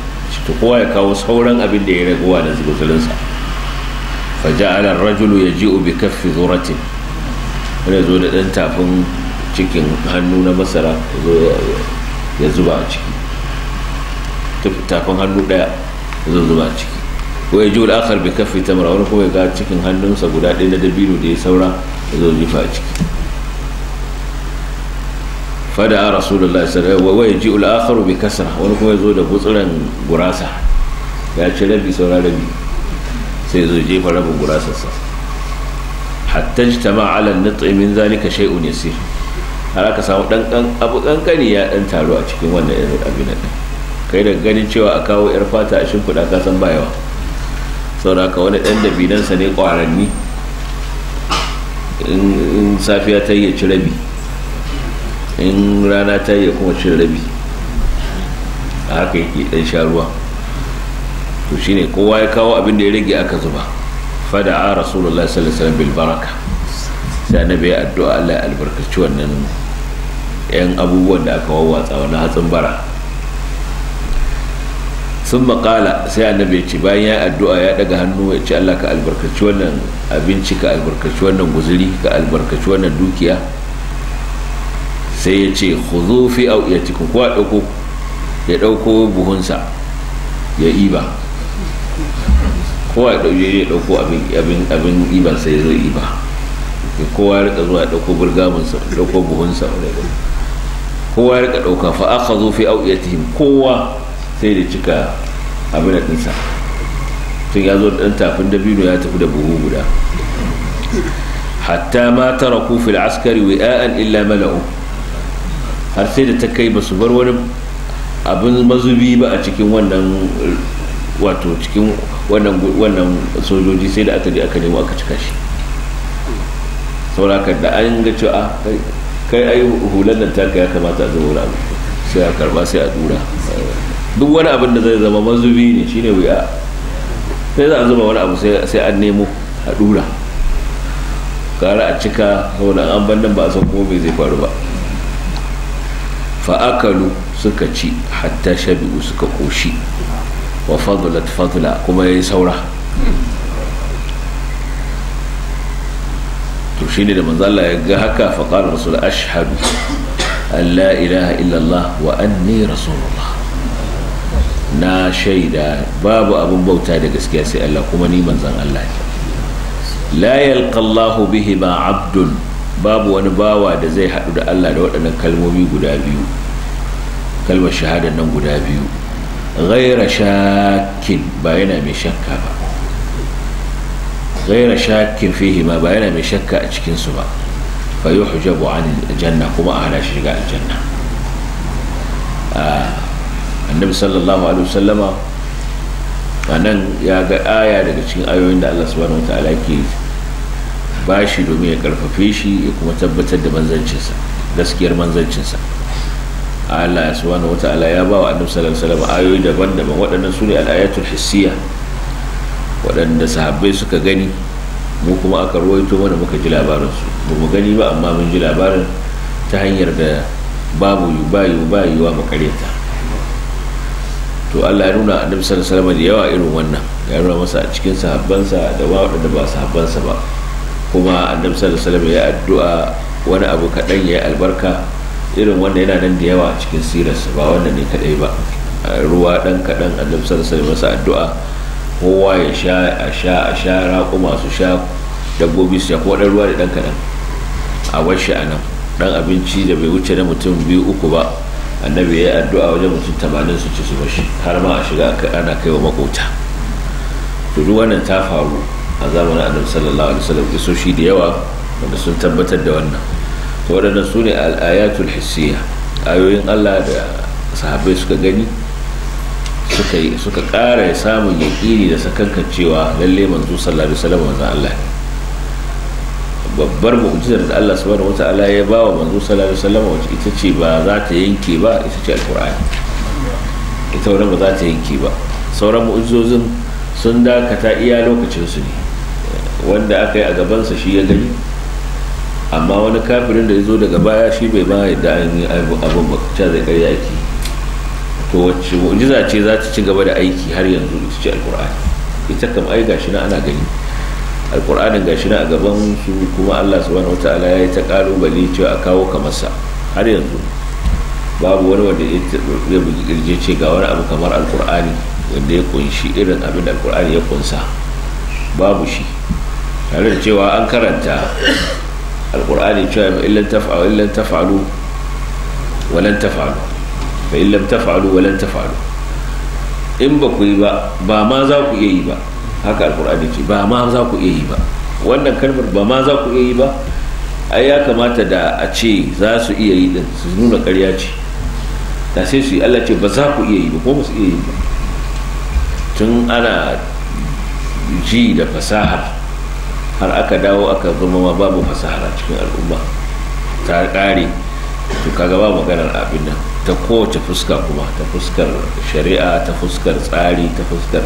ta kowa ya kawo sauran abin da ya raguwa da zubuzulinsa fa ja'ala rajulu ya ji bi kafi zuratin wani zo da dan tafin cikin hannu na masara ya zuba a ciki tafin hannu ɗaya ya zuba a ciki ko ya ji wani akar bi kafi tamara wani kuma ya ga cikin hannunsa guda ɗaya na dabino da ya saura ya zo jifa a ciki fada rasulullah sallallahu alaihi wasallam wa al-akharu bi kasra wani kuma yazo da gutsuran gurasa ya ci rabi saura rabi sai zo jefa rabin gurasarsa hatta jtama ala an min zalika shay'un yasir har aka samu dan kan abu kankani ya dan taro a cikin wannan irin abin nan kai da ganin cewa a kawo yar fata a shimfida ka san bayawa saboda ka wani dan sa ne kwaranni in safiya ta yi ya ci rabi in rana ta yi kuma cin rabi a haka yake dan sha ruwa to shine kowa ya kawo abin da ya rage aka zuba fada a rasulullah sallallahu alaihi wasallam bil baraka sai annabi ya addu'a Allah ya albarkaci wannan yan abubuwan da aka wawwatsa wani hatsin bara sun makala sai annabi ya ce bayan ya addu'a ya daga hannu ya ce Allah ka albarkaci wannan abinci ka albarkaci wannan guzuri ka albarkaci wannan dukiya sai ya ce khudhu fi awiyatikum ku dauko ya dauko buhunsa ya iba kowa ya ya dauko abin iba abin iban sai zo iba kowa ya rika zuwa dauko burgamin sa dauko buhunsa kowa ya rika dauka fa akhadhu fi awiyatihim kowa sai da cika abin da dinsa tun ya zo dan tafin dabino ya tafi da buhu guda hatta ma taraku fil askari wi'a'an illa mala'u har sai da ta kai ba su bar wani abin mazubi ba a cikin wannan wato cikin wannan sojoji sai da aka je aka nemo aka cika shi sauraka da an ga cewa ah, kai ai hular nan taka ya kamata a zama wani abu sai a karba sai a dura duk wani abin da zai zama mazubi ne shine wuya sai za a zuba wani abu sai an nemo a dura gara a cika saboda an ban nan ba a san kuma bai zai faru ba fa'akalu suka ci hatta shabi'u suka koshi wa fadlat fadla kuma ya yi saura to shi ne da manzala ya ga haka faƙar rasul ashhadu an ilaha illallah wa anni rasulullah na shaida babu abin bauta da gaskiya sai Allah kuma ni manzan Allah ne la yalqa bihi ma abdun babu wani bawa da zai haɗu da Allah da waɗannan kalmomi guda biyu kalmar shahadar nan guda biyu ghaira shakin ba yana mai shakka ba ghaira shakin fihi ma ba yana mai shakka a cikinsu ba fa yuhjabu an janna kuma a hana shi shiga aljanna annabi sallallahu alaihi wasallama a nan ya ga aya daga cikin ayoyin da Allah subhanahu wa ta'ala yake bashi domin ya karfafe shi ya kuma tabbatar da manzancinsa gaskiyar manzancinsa Allah ya subhanahu wata'ala ya ba wa annabi sallallahu alaihi wasallam ayoyi daban-daban waɗannan su ne ayatul hissiyya waɗanda sahabbai suka gani mu kuma aka ruwaito mana muka ji labarin su ba mu gani ba amma mun ji labarin ta hanyar da babu ba bayu wa makareta to Allah ya nuna annabi sallallahu alaihi wasallam da yawa irin wannan ya nuna masa a cikin sahabbansa da waɗanda ba sahabbansa ba kuma annabi sallallahu alaihi ya addu'a wani abu kadan ya albarka irin wanda yana nan da yawa cikin sirarsa ba wannan ne kadai ba ruwa dan kadan annabi sallallahu alaihi masa addu'a kowa ya sha a sha a sha raƙuma su sha dabbobi su sha ko dan ruwa da dan kadan a washe a nan abinci da bai wuce da mutum biyu uku ba annabi ya yi addu'a wajen mutum tamanin su ci su bashi har ma a shiga ana kai wa makota to duk wannan ta faru a zamanin annabi sallallahu alaihi wasallam shi da yawa wanda sun tabbatar da wannan to wadannan su ne al'ayatul hissiya ayoyin Allah da sahabbai suka gani suka suka ƙara samu yaƙini da sakankan cewa lalle manzo sallallahu alaihi wasallam manzo Allah ne babbar mu'jizar da Allah subhanahu wata'ala ya ba wa manzo sallallahu alaihi wasallam wacce ita ce ba za ta yanke ba ita ce alqur'ani ita wannan ba za ta yanke ba sauran mu'jizozin sun dakata iya lokacin su ne wanda aka yi a gabansa shi ya gani amma wani kafirin da ya zo daga baya shi bai ma yadda an yi abin bakacin zai karya aiki to wacce mu'jiza ce za ta ci gaba da aiki har yanzu ita ce alkur'ani ita kam ai gashi na ana gani alkur'anin gashi na a gaban su kuma allah subhanahu wataala ya yi ta kalubale cewa a kawo kamarsa har yanzu babu wani wanda ya bugi kirje ce ga wani abu kamar alkur'ani wanda ya ƙunshi irin abin da alkur'ani ya kunsa babu shi tare da cewa an karanta alkur'ani cewa fa illan taf'alu illan taf'alu walan taf'alu fa illan taf'alu walan in ba ku yi ba ba ma za ku iya yi ba haka alkur'ani ce ba ma za ku iya yi ba wannan kalmar ba ma za ku iya yi ba ai ya kamata da a ce za su iya yi din su nuna ƙarya ce da sai su yi Allah ce ba za ku iya yi ba ko ba su iya yi ba tun ana ji da fasahar har aka dawo aka zama ma babu fasahara cikin al'umma ta ƙare to kaga ba maganar abin nan ta kowace fuska kuma ta fuskar shari'a ta fuskar tsari ta fuskar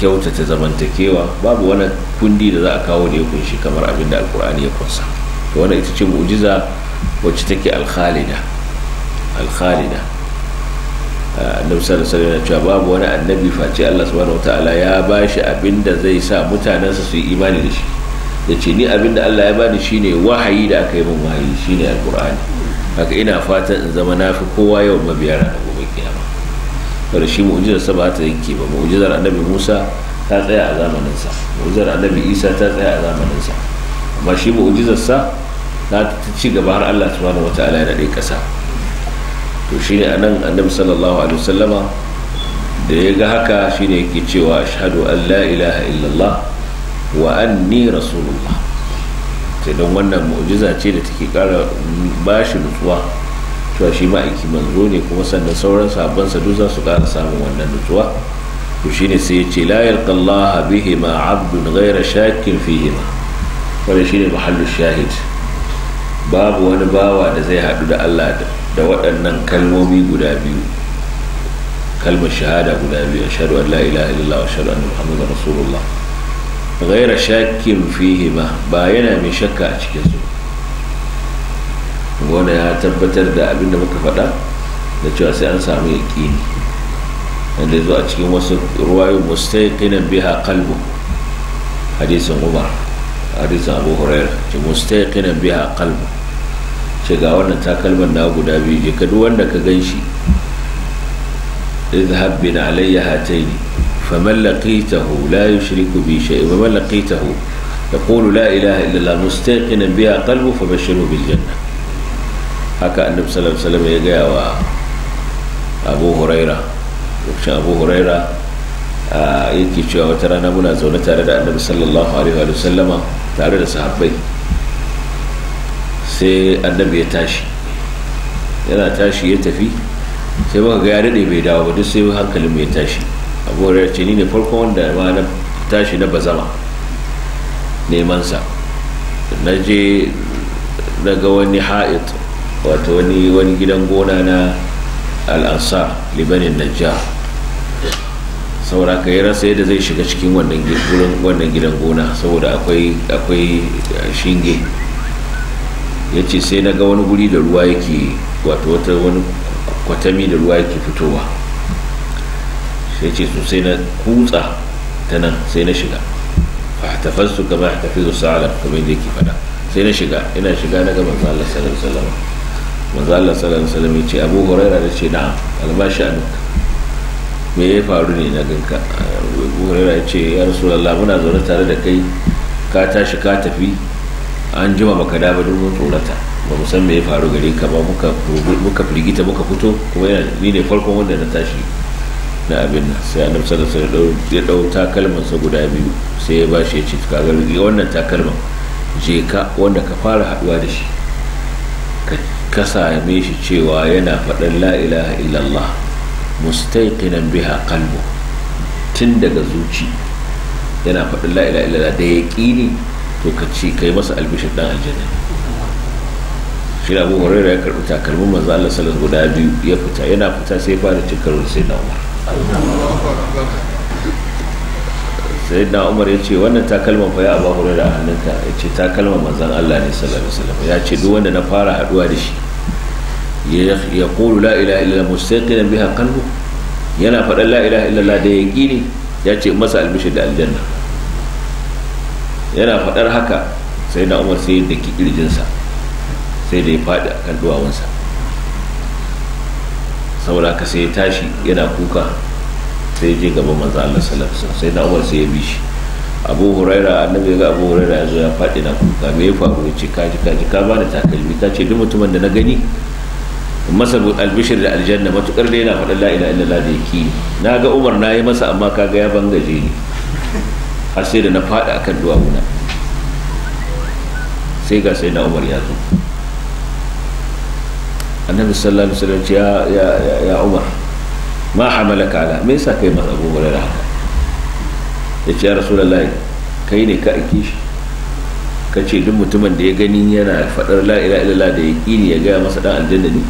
kyautata zamantakewa babu wani kundi da za a kawo da ya kunshi kamar abin da alkur'ani ya kunsa to wani ita ce mu'jiza wacce take alkhalida alkhalida annabi sallallahu alaihi wasallam cewa babu wani annabi face Allah subhanahu wataala ya bashi abinda zai sa mutanensa su yi imani da shi da ce ni abinda Allah ya bani shine wahayi da aka yi min wahayi shine alqur'ani haka ina fatan in zama na fi kowa yawan mabiya ranar gobe kiyama kada shi mu'jizar sa ba ta yanke ba mu'jizar annabi Musa ta tsaya a zamanin sa mu'jizar annabi Isa ta tsaya a zamanin sa amma shi mu'jizar sa ta ci gaba har Allah subhanahu wataala ya dade kasa to shine anan annabi sallallahu alaihi wasallama da ya ga haka shine yake cewa ashhadu an la ilaha illallah wa anni rasulullah sai don wannan mu'jiza ce da take kara bashi nutsuwa cewa shi aiki manzo ne kuma sannan sauran sahabbansa duk za su kara samun wannan nutsuwa to shine sai ya ce la yalqallaha bihima abdun ghayra shakkin fihima wannan shine mahallu shahid babu wani bawa da zai haɗu da Allah da da waɗannan kalmomi guda biyu kalmar shahada guda biyu ashhadu an la ilaha illallah wa ashhadu anna muhammadar rasulullah gaira shakin fihi ma ba yana mai shakka a cikin su wanda ya tabbatar da abinda muka faɗa da cewa sai an samu yaqini wanda ya zo a cikin wasu ruwayo mustaqinan biha qalbu hadisin umar hadisin abu hurairah mustaqinan biha qalbu Daga ga wannan takalman na guda biyu je ka duk wanda ka gan shi izhab bin alayya hataini faman laqitahu la yushriku bi shay'in wa man laqitahu yaqulu la ilaha illa allah mustaqinan biha qalbu fabashshirhu bil janna haka annabi sallallahu alaihi wasallam ya gaya wa abu huraira lokacin abu huraira yake cewa wata rana muna zaune tare da annabi sallallahu alaihi tare da sahabbai sai annabi ya tashi yana tashi ya tafi sai baka ga ya daɗe bai dawo ba duk sai hankalin mai tashi abu da ce ni ne farko wanda ma na tashi na bazama neman sa na je na wani ha'it wato wani wani gidan gona na al'ansar libanin najjar saboda ka yi rasa yadda zai shiga cikin wannan gidan gona saboda akwai shinge ya ce sai na ga wani guri da ruwa yake wato wata wani kwatami da ruwa yake fitowa sai ce su sai na kutsa ta nan sai na shiga tafarsu kama a tafi su saala kamar yadda yake fada sai na shiga ina shiga na ga manzo salam salam alaihi salam salam ya ce Abu horaira da ce na albashi duk me ya faru ne na ganka Abu horaira ya ce ya Rasulullah muna zaune tare da kai ka tashi ka tafi an jima baka da ba mun tsorata ba mu san me ya faru gare ka ba muka firgita muka fito kuma yana ni ne farkon wanda na tashi na abin nan sai annabi sallallahu alaihi wasallam ya dau takalman sa guda biyu sai ya bashi ya ce ka ga wannan takalman je ka wanda ka fara haduwa da shi ka same shi cewa yana faɗin la ilaha illallah mustaiqinan biha qalbu tun daga zuci yana faɗin la illallah da yaqini to ka ci kai masa albishir dan aljanna shi abu hurairah ya karbi takalmin manzo Allah sallallahu guda biyu ya fita yana fita sai ba da cikarin sai na umar sai na umar ya ce wannan takalman fa ya abu hurairah a hannunka ya ce takalma manzon Allah ne sallallahu alaihi wasallam ya ce duk wanda na fara haduwa da shi ya kulu la ilaha illallah mustaqinan biha qalbu yana faɗan la ilaha illallah da yaqini ya ce masa albishir da aljanna yana faɗar haka sai na umar sai da kirjinsa sai da ya faɗi a kan duwawansa saboda ka sai ya tashi yana kuka sai je gaba manzo Allah sallallahu alaihi sai na umar sai ya bi shi abu huraira annabi ya ga abu huraira ya zo ya faɗi na kuka me ya faru ya ce kaji kaji ka bani takalmi ka ce duk mutumin da na gani masa albishir da aljanna matukar da yana faɗin la ilaha illallah da yake na ga umar na yi masa amma kaga ya bangaje ni har sai da na faɗi akan duwawuna sai ga sai na umar ya zo annabi sallallahu alaihi wasallam ya ya ya umar ma hamalaka ala me yasa kai masa abu da haka ya ce ya rasulullahi kai ne ka aiki shi ka ce duk mutumin da ya gani yana faɗar la ilaha illallah da ya ƙini ya gaya masa dan aljanna ne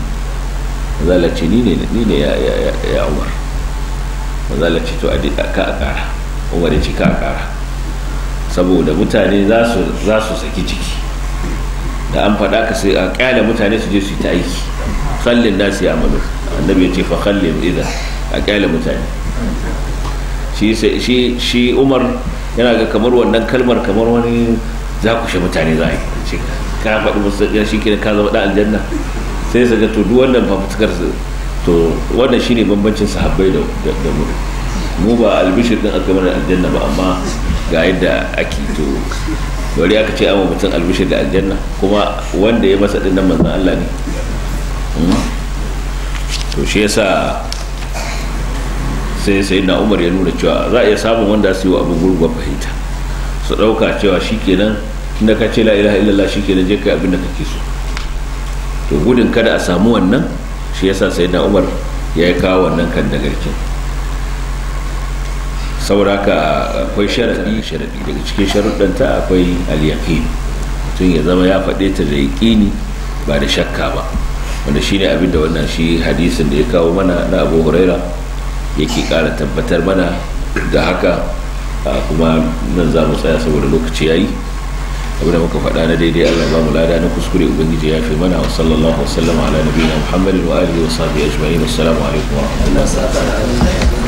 mazalaci ni ne ni ne ya umar mazalaci to a ka a umar ya cika a kara saboda mutane za su saki ciki da an faɗa ka sai a ƙyale mutane su je su yi ta aiki khallin nasu ya malu annabi ya ce fa kallin idan a ƙyale mutane shi umar yana ga kamar wannan kalmar kamar wani za ku mutane za a yi ka faɗi musu ya shi kenan ka zama ɗan aljanna sai su ga to duk wannan fafutukar to wannan shine bambancin sahabbai da mu mu ba albishir din aka mana aljanna ba amma ga yadda ake to bari aka ce amma mutum albishir da aljanna kuma wanda ya masa din nan manzon Allah ne hmm? to shi yasa sai sai na Umar ya nuna cewa za a iya samun wanda su yi wa abu gurgwa fahimta su dauka cewa shikenan inda ka ce la ilaha illallah shikenan je kai abin da kake so to gudun kada a samu wannan shi yasa sai na Umar ya yi kawo wannan kan dagarkin sauraka akwai sharaɗi sharaɗi daga cikin ta akwai al-yaqin tun ya zama ya faɗe ta da yaƙini ba da shakka ba wanda shine abin da wannan shi hadisin da ya kawo mana na Abu Huraira yake ƙara tabbatar mana da haka kuma nan za mu tsaya saboda lokaci ya yi abin da muka faɗa na daidai Allah ba mu lada na kuskure ubangiji ya fi mana wa sallallahu alaihi wa sallam ala Muhammadin wa alihi wa sahbihi ajma'in assalamu alaikum wa rahmatullahi wa barakatuh